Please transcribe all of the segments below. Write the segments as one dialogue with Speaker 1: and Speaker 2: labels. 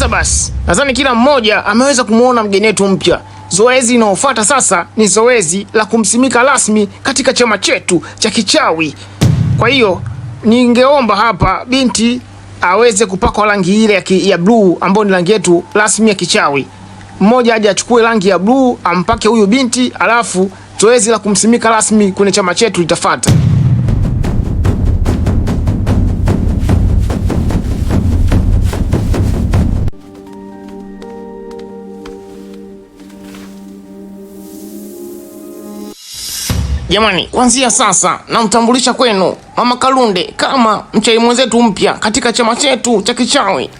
Speaker 1: Sasa basi, nadhani kila mmoja ameweza kumwona mgeni wetu mpya. Zoezi linalofuata sasa ni zoezi la kumsimika rasmi katika chama chetu cha kichawi. Kwa hiyo ningeomba hapa binti aweze kupakwa rangi ile ya, ya bluu ambayo ni rangi yetu rasmi ya kichawi. Mmoja aje achukue rangi ya bluu ampake huyu binti, alafu zoezi la kumsimika rasmi kwenye chama chetu litafata Jamani, kuanzia sasa namtambulisha kwenu Mama Kalunde kama mchai mwenzetu mpya katika chama chetu cha kichawi.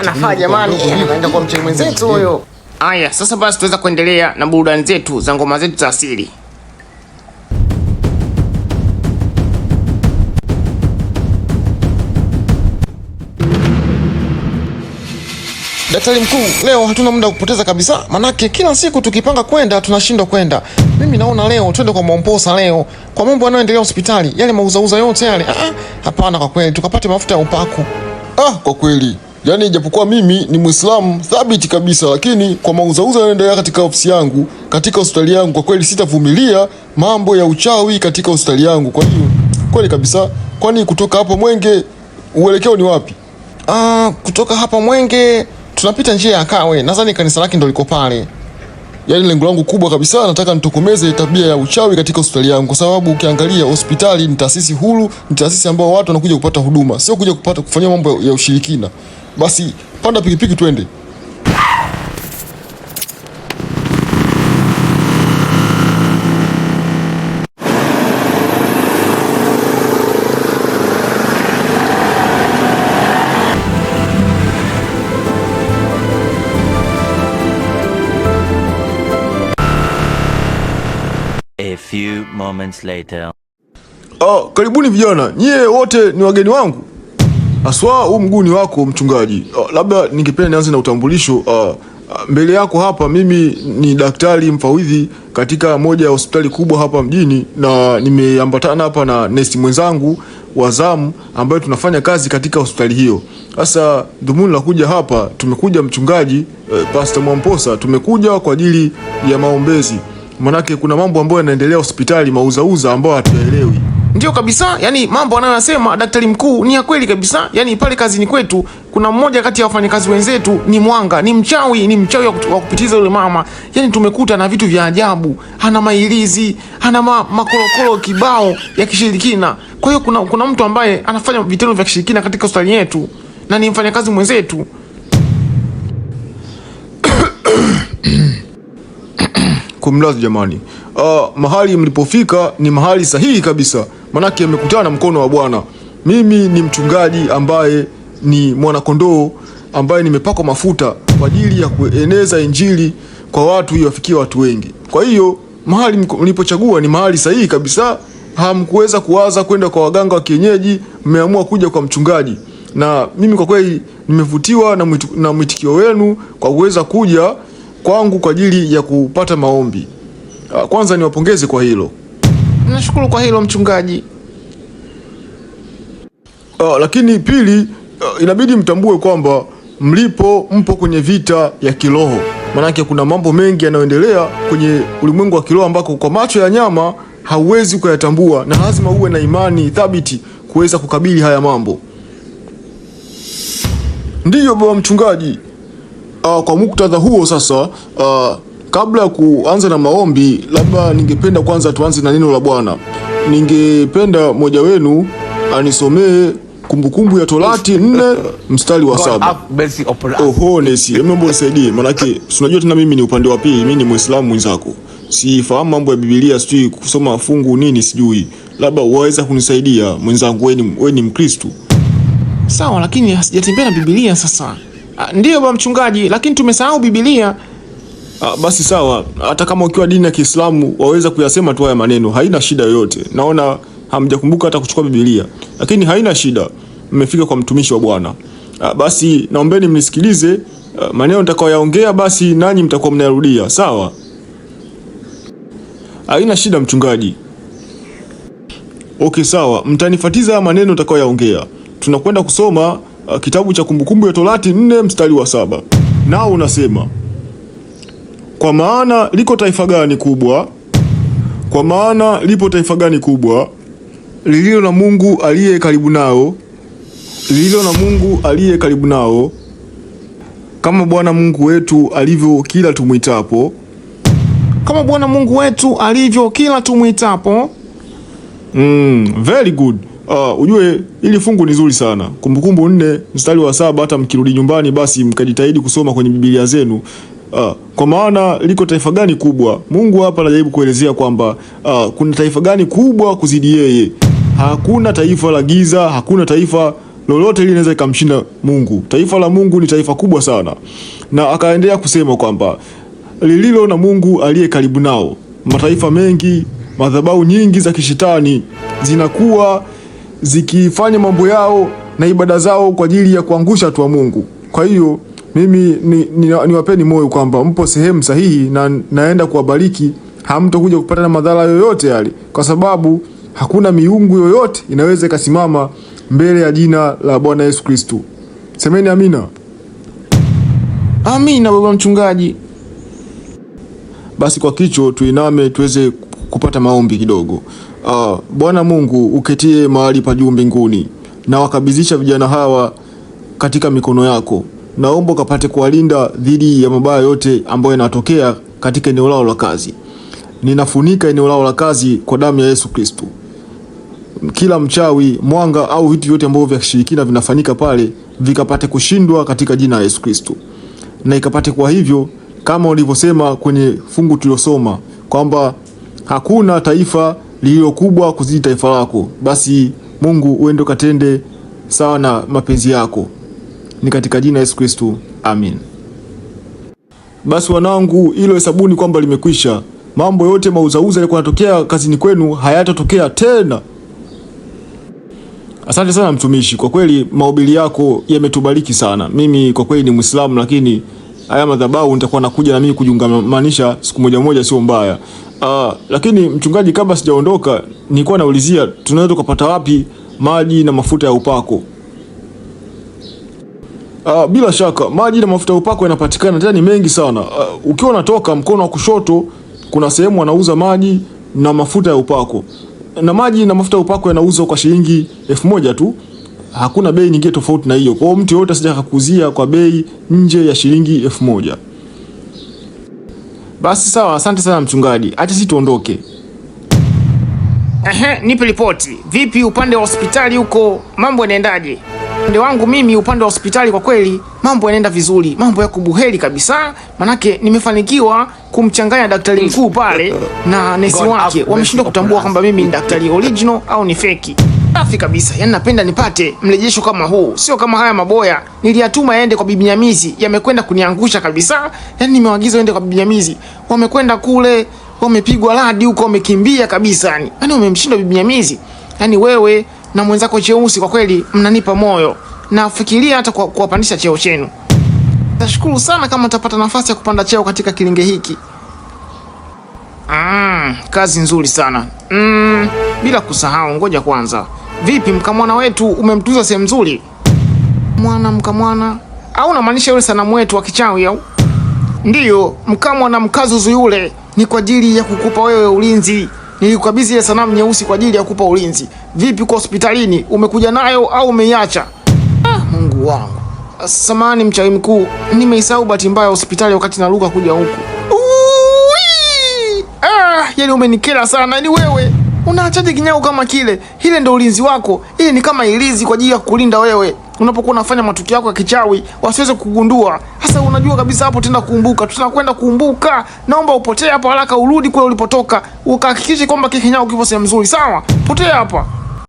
Speaker 2: Anafaa ah, oh, ah, jamani, anaenda kwa mwenzetu huyo.
Speaker 1: Aya, sasa basi tuweza kuendelea na burudani zetu za ngoma zetu za asili.
Speaker 3: Daktari mkuu, leo hatuna muda kupoteza kabisa, manake kila siku tukipanga kwenda tunashindwa kwenda. Mimi naona leo twende kwa Mwamposa leo, kwa mambo yanayoendelea hospitali, yale mauzauza yote yale. Ah, ah. hapana, kwa kweli tukapate mafuta ya upaku.
Speaker 4: Ah, kwa kweli yaani, ijapokuwa mimi ni Muislamu thabiti kabisa, lakini kwa mauzauza yanaendelea katika ofisi yangu, katika hospitali yangu, kwa kweli sitavumilia mambo ya uchawi katika hospitali yangu. Kwa hiyo kweli kabisa, kwani kutoka hapa Mwenge uelekeo ni wapi?
Speaker 3: Ah, kutoka hapa Mwenge tunapita njia ya Kawe, nadhani kanisa lake ndo liko pale.
Speaker 4: Yaani lengo langu kubwa kabisa, nataka nitokomeze tabia ya uchawi katika hospitali yangu, kwa sababu ukiangalia hospitali ni taasisi huru, ni taasisi ambayo watu wanakuja kupata huduma, sio kuja kupata kufanyia mambo ya ushirikina. Basi panda pikipiki twende. few moments later. Oh, karibuni vijana, nyie wote ni wageni wangu aswa. Huu mguu ni wako mchungaji. Oh, labda ningependa nianze na utambulisho. Oh, mbele yako hapa, mimi ni daktari mfawidhi katika moja ya hospitali kubwa hapa mjini, na nimeambatana hapa na nesi mwenzangu wa zamu ambayo tunafanya kazi katika hospitali hiyo. Sasa dhumuni la kuja hapa, tumekuja mchungaji, eh, Pastor Mwamposa, tumekuja kwa ajili ya maombezi. Manake kuna mambo ambayo yanaendelea hospitali, mauzauza ambayo hatuyaelewi.
Speaker 3: Ndio kabisa, yani mambo anayosema daktari mkuu ni ya kweli kabisa. Yani pale kazini kwetu kuna mmoja kati ya wafanyakazi wenzetu ni mwanga, ni mchawi, ni mchawi wa kupitiza yule mama. Yani tumekuta na vitu vya ajabu, ana mailizi, ana ma, makorokoro kibao ya kishirikina. Kwa hiyo kuna, kuna mtu ambaye anafanya vitendo vya kishirikina katika hospitali yetu na ni mfanyakazi mwenzetu.
Speaker 4: kumlaza jamani. Uh, mahali mlipofika ni mahali sahihi kabisa, manake mmekutana na mkono wa Bwana. Mimi ni mchungaji ambaye ni mwanakondoo ambaye nimepakwa mafuta kwa ajili ya kueneza injili kwa watu iwafikie watu wengi. Kwa hiyo mahali mlipochagua ni mahali sahihi kabisa. Hamkuweza kuwaza kwenda kwa waganga wa kienyeji, mmeamua kuja kwa mchungaji, na mimi kwa kweli nimevutiwa na mwitikio wenu kwa kuweza kuja kwangu kwa ajili ya kupata maombi. Ah, kwanza niwapongeze kwa hilo,
Speaker 3: nashukuru kwa hilo mchungaji.
Speaker 4: Uh, lakini pili, uh, inabidi mtambue kwamba mlipo mpo kwenye vita ya kiroho, maanake kuna mambo mengi yanayoendelea kwenye ulimwengu wa kiroho ambako kwa macho ya nyama hauwezi kuyatambua, na lazima uwe na imani thabiti kuweza kukabili haya mambo. Ndiyo baba mchungaji uh, kwa muktadha huo sasa uh, kabla ya kuanza na maombi, labda ningependa kwanza tuanze na neno la Bwana. Ningependa mmoja wenu anisomee Kumbukumbu ya Torati nne mstari wa saba. Oho, nesi, hebu nisaidie, maanake unajua tena mimi ni upande wa pili, mimi ni Muislamu mwenzako, sifahamu mambo ya Biblia, sijui kusoma fungu nini, sijui, labda waweza kunisaidia mwenzangu, wewe ni Mkristo.
Speaker 3: Sawa, lakini sijatembea na Biblia sasa Ah, Ndiyo ba mchungaji, lakini tumesahau Biblia.
Speaker 4: A, ah, basi sawa, hata kama ukiwa dini ya Kiislamu waweza kuyasema tu haya maneno, haina shida yoyote. Naona hamjakumbuka hata kuchukua Biblia, lakini haina shida, mmefika kwa mtumishi wa Bwana. Ah, basi naombeni mnisikilize maneno nitakayoyaongea, basi nanyi mtakuwa mnayarudia. Sawa, haina shida mchungaji. Okay, sawa, mtanifatiza maneno nitakayoyaongea. Tunakwenda kusoma Ah, kitabu cha Kumbukumbu ya Torati nne mstari wa saba nao unasema kwa maana liko taifa gani kubwa? Kwa maana lipo taifa gani kubwa lililo na Mungu aliye karibu nao, lililo na Mungu aliye karibu nao, kama Bwana Mungu wetu alivyo kila tumwitapo,
Speaker 3: kama Bwana Mungu wetu alivyo kila tumwitapo.
Speaker 4: Mm, very good. Uh, ujue ili fungu ni zuri sana. Kumbukumbu nne mstari wa saba hata mkirudi nyumbani basi mkajitahidi kusoma kwenye Biblia zenu. Uh, kwa maana liko taifa gani kubwa? Mungu hapa anajaribu kuelezea kwamba uh, kuna taifa gani kubwa kuzidi yeye? Hakuna taifa la giza, hakuna taifa lolote linaweza likamshinda Mungu. Taifa la Mungu ni taifa kubwa sana. Na akaendelea kusema kwamba lililo na Mungu aliye karibu nao. Mataifa mengi, madhabahu nyingi za kishetani zinakuwa zikifanya mambo yao na ibada zao kwa ajili ya kuangusha watu wa Mungu. Kwa hiyo mimi niwapeni ni, ni moyo kwamba mpo sehemu sahihi na naenda kuwabariki. Hamtokuja kupata na madhara yoyote yale, kwa sababu hakuna miungu yoyote inaweza ikasimama mbele ya jina la Bwana Yesu kristu Semeni amina.
Speaker 3: Amina baba mchungaji.
Speaker 4: Basi kwa kicho tuiname tuweze kupata maombi kidogo. Uh, Bwana Mungu uketie mahali pa juu mbinguni, na wakabizisha vijana hawa katika mikono yako. Naomba ukapate kuwalinda dhidi ya mabaya yote ambayo yanatokea katika eneo lao la kazi. Ninafunika eneo lao la kazi kwa damu ya Yesu Kristo. Kila mchawi, mwanga au vitu vyote ambavyo vya kishirikina vinafanyika pale vikapate kushindwa katika jina la Yesu Kristo, na ikapate kwa hivyo kama ulivyosema kwenye fungu tulilosoma kwamba hakuna taifa lililo kubwa kuzidi taifa lako, basi Mungu uende katende sawa na mapenzi yako. Ni katika jina Yesu Kristo, amin. Basi wanangu, ilo hesabuni kwamba limekwisha. Mambo yote mauzauza yalikuwa yanatokea kazini kwenu hayatatokea tena. Asante sana mtumishi, kwa kweli mahubiri yako yametubariki sana. Mimi kwa kweli ni Muislamu, lakini haya madhabahu nitakuwa nakuja na mimi kujiungamanisha siku moja moja, sio mbaya. Ah, lakini mchungaji, kabla sijaondoka, nilikuwa naulizia tunaweza tukapata wapi maji na mafuta ya upako? Ah, bila shaka maji na mafuta ya upako yanapatikana, tena ni mengi sana. Ah, ukiwa unatoka mkono wa kushoto kuna sehemu wanauza maji na mafuta ya upako, na maji na mafuta ya upako yanauzwa kwa shilingi elfu moja tu, hakuna bei nyingine tofauti na hiyo. Kwa hiyo mtu yoyote asije akakuzia kwa bei nje ya shilingi elfu moja. Basi sawa, asante sana mchungaji, acha sisi tuondoke.
Speaker 3: Ehe, nipe ripoti. Vipi upande wa hospitali huko, mambo yanaendaje? Upande wangu mimi, upande wa hospitali kwa kweli mambo yanaenda vizuri, mambo yako buheri kabisa, manake nimefanikiwa kumchanganya daktari mkuu pale na nesi wake. Wameshindwa kutambua kwamba mimi ni daktari original au ni feki. Safi kabisa, Yaani napenda nipate mrejesho kama huu, sio kama haya maboya niliyatuma yaende kwa bibi Nyamizi, yamekwenda kuniangusha kabisa. Yaani nimewagiza waende kwa bibi Nyamizi, wamekwenda kule, wamepigwa radi huko, wamekimbia kabisa. Yani yaani umemshinda yaani bibi Nyamizi. Yaani wewe na mwenzako Cheusi, kwa kweli mnanipa moyo, nafikiria hata kuwapandisha cheo chenu. Nashukuru sana kama utapata nafasi ya kupanda cheo katika kilinge hiki. Mm, kazi nzuri sana mm, bila kusahau, ngoja kwanza Vipi mkamwana wetu, umemtuza sehemu nzuri mwana? Mkamwana au unamaanisha yule sanamu wetu wa kichawi au? Ndiyo mkamwana, mkazuzu yule ni kwa ajili ya kukupa wewe ulinzi. Nilikukabidhi ile sanamu nyeusi kwa ajili ya kukupa ulinzi. Vipi kwa hospitalini, umekuja nayo au umeiacha? Ah, Mungu wangu, samani mchawi mkuu, nimeisahau bahati mbaya hospitali wakati naruka kuja huku. Ah, yani umenikera sana ni wewe. Unaachaje kinyago kama kile? Ile ndo ulinzi wako, ile ni kama ilizi kwa ajili ya kulinda wewe unapokuwa unafanya matukio yako ya kichawi wasiweze kugundua. Sasa unajua kabisa hapo tena kuumbuka, tunakwenda kuumbuka. Naomba upotee hapo haraka, urudi kule ulipotoka, ukahakikishe kwamba kinyago kipo sehemu nzuri. Sawa, potea hapa.